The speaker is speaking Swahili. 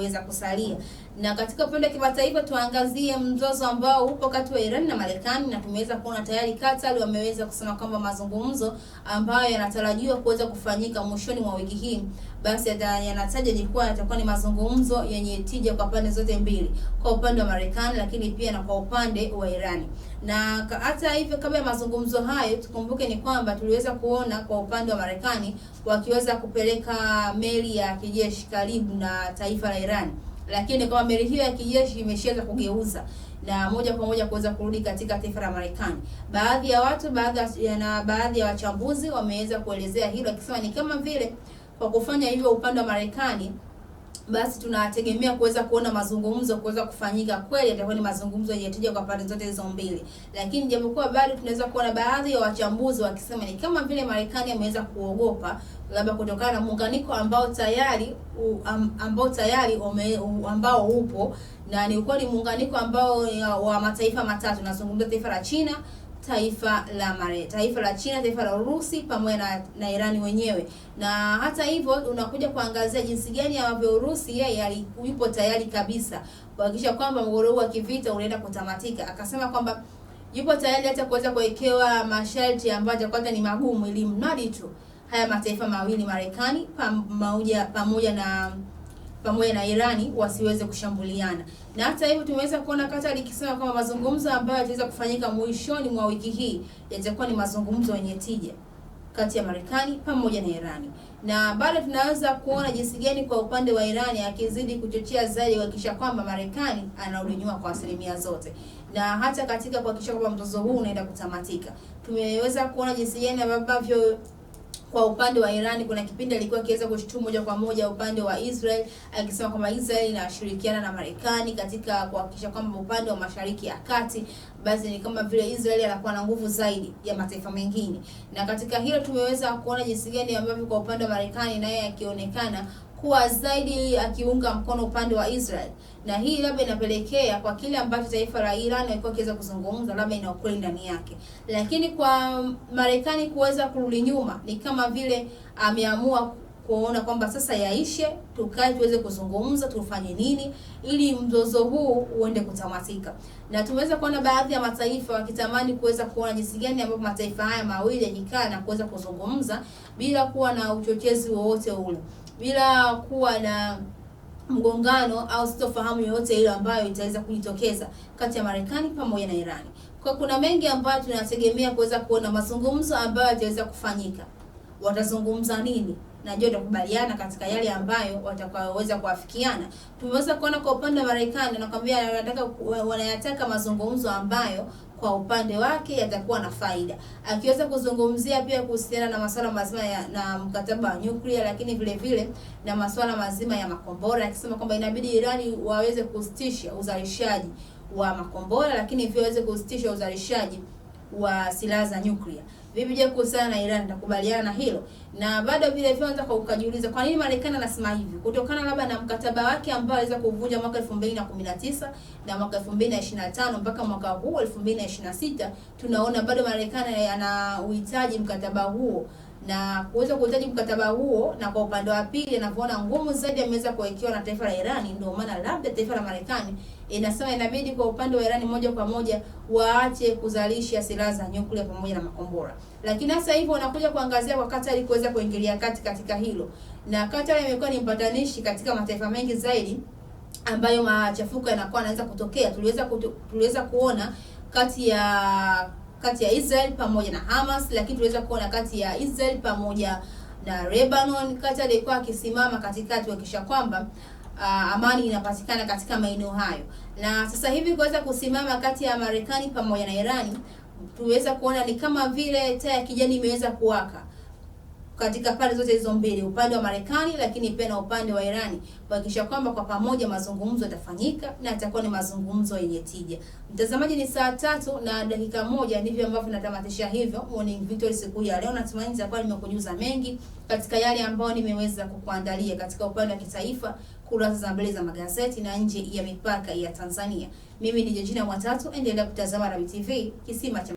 yaliyoweza kusalia. Na katika upande wa kimataifa tuangazie mzozo ambao upo kati ya Iran na Marekani, na tumeweza kuona tayari Qatar wameweza kusema kwamba mazungumzo ambayo yanatarajiwa kuweza kufanyika mwishoni mwa wiki hii, basi yanataja ni kuwa yatakuwa ni mazungumzo yenye tija kwa pande zote mbili, kwa upande wa Marekani lakini pia na kwa upande wa Iran. Na hata hivyo, kabla ya mazungumzo hayo, tukumbuke ni kwamba tuliweza kuona kwa upande wa Marekani wakiweza kupeleka meli ya kijeshi karibu na taifa la Iran. Iran, lakini kama meli hiyo ya kijeshi imeshaweza kugeuza na moja kwa moja kuweza kurudi katika taifa la Marekani. Baadhi ya watu baadhi ya, na baadhi ya wachambuzi wameweza kuelezea hilo akisema ni kama vile kwa kufanya hivyo upande wa Marekani basi tunategemea kuweza kuona mazungumzo kuweza kufanyika kweli, yatakuwa ni mazungumzo yenye tija kwa pande zote hizo mbili. Lakini japokuwa bado tunaweza kuona baadhi ya wachambuzi wakisema ni kama vile Marekani ameweza kuogopa labda kutokana na muunganiko ambao tayari ambao tayari ume, ambao upo na ni ukweli muunganiko ambao wa mataifa matatu, nazungumzia taifa la China taifa la Mare, taifa la China, taifa la Urusi pamoja na, na Irani wenyewe. Na hata hivyo unakuja kuangazia jinsi gani ambavyo Urusi yeye yupo tayari kabisa kuhakikisha kwamba mgogoro huu wa kivita unaenda kutamatika. Akasema kwamba yupo tayari hata kuweza kuwekewa masharti ambayo kwanza ni magumu, ili mradi tu haya mataifa mawili Marekani pamoja pamoja na pamoja na Irani wasiweze kushambuliana. Na hata hivyo tumeweza kuona Qatar ikisema kwamba mazungumzo ambayo yataweza kufanyika mwishoni mwa wiki hii yatakuwa ni mazungumzo yenye tija kati ya Marekani pamoja na Irani. Na bado tunaweza kuona jinsi gani kwa upande wa Irani akizidi kuchochea zaidi kuhakikisha kwamba Marekani anarudi nyuma kwa asilimia zote, na hata katika kuhakikisha kwamba mzozo huu unaenda kutamatika. Tumeweza kuona jinsi gani ambavyo kwa upande wa Iran kuna kipindi alikuwa akiweza kushtumu moja kwa moja upande wa Israel akisema kwamba Israel inashirikiana na Marekani katika kuhakikisha kwamba upande wa Mashariki ya Kati basi ni kama vile Israel anakuwa na nguvu zaidi ya mataifa mengine, na katika hilo tumeweza kuona jinsi gani ambavyo kwa upande wa Marekani naye akionekana kuwa zaidi akiunga mkono upande wa Israel, na hii labda inapelekea kwa kile ambacho taifa la Iran ilikuwa ikiweza kuzungumza, labda ina ukweli ndani yake, lakini kwa Marekani kuweza kurudi nyuma ni kama vile ameamua kuona kwamba sasa yaishe, tukae tuweze kuzungumza, tufanye nini ili mzozo huu uende kutamatika. Na tumeweza kuona baadhi ya mataifa wakitamani kuweza kuona jinsi gani ambapo mataifa haya mawili yakikaa na kuweza kuzungumza bila kuwa na uchochezi wowote ule bila kuwa na mgongano au sitofahamu yoyote ile ambayo itaweza kujitokeza kati ya Marekani pamoja na Irani. Kwa kuna mengi ambayo tunategemea kuweza kuona mazungumzo ambayo yataweza kufanyika. Watazungumza nini? na je, watakubaliana katika yale ambayo watakaoweza kuafikiana. Tumeweza kuona kwa upande wa Marekani nakwambia wanataka wanayataka mazungumzo ambayo kwa upande wake yatakuwa na faida, akiweza kuzungumzia pia kuhusiana na masuala mazima ya na mkataba wa nyuklia, lakini vile vile na masuala mazima ya makombora, akisema kwamba inabidi Irani waweze kusitisha uzalishaji wa makombora, lakini pia waweze kusitisha uzalishaji wa silaha za nyuklia. Vipi je, kuhusiana na Iran? Nitakubaliana na hilo, na bado vile vile unataka ukajiuliza kwa nini Marekani anasema hivi, kutokana labda na mkataba wake ambao aliweza kuvunja mwaka 2019 na mwaka 2025 mpaka mwaka huu 2026, tunaona bado Marekani ana uhitaji mkataba huo na kuweza kuhitaji mkataba huo, na kwa upande wa pili anavyoona ngumu zaidi ameweza kuwekewa na taifa la Irani. Ndio maana labda taifa la Marekani inasema inabidi kwa upande wa Irani moja kwa moja waache kuzalisha silaha za nyuklia pamoja na makombora, lakini hasa hivyo wanakuja kuangazia kwa Qatar kuweza kuingilia kati katika hilo, na Qatar imekuwa ni mpatanishi katika mataifa mengi zaidi ambayo machafuko yanakuwa yanaweza kutokea. Tuliweza kutu, tuliweza kuona kati ya kati ya Israel pamoja na Hamas, lakini tuliweza kuona kati ya Israel pamoja na Lebanon. Kati alikuwa akisimama katikati kuhakikisha kwamba Uh, amani inapatikana katika maeneo hayo, na sasa hivi kuweza kusimama kati ya Marekani pamoja na Irani, tuweza kuona ni kama vile taa ya kijani imeweza kuwaka katika pande zote hizo mbili, upande wa Marekani lakini pia na upande wa Irani, kuhakikisha kwamba kwa pamoja mazungumzo yatafanyika na yatakuwa ni mazungumzo yenye tija. Mtazamaji, ni saa tatu na dakika moja ndivyo ambavyo natamatisha hivyo Morning Victory siku ya leo. Natumaini nitakuwa nimekujuza mengi katika yale ambayo nimeweza kukuandalia katika upande wa kitaifa, kurasa za mbele za magazeti na nje ya mipaka ya Tanzania. Mimi ni Jojina Mwatatu, endelea kutazama Rabi TV, kisima cha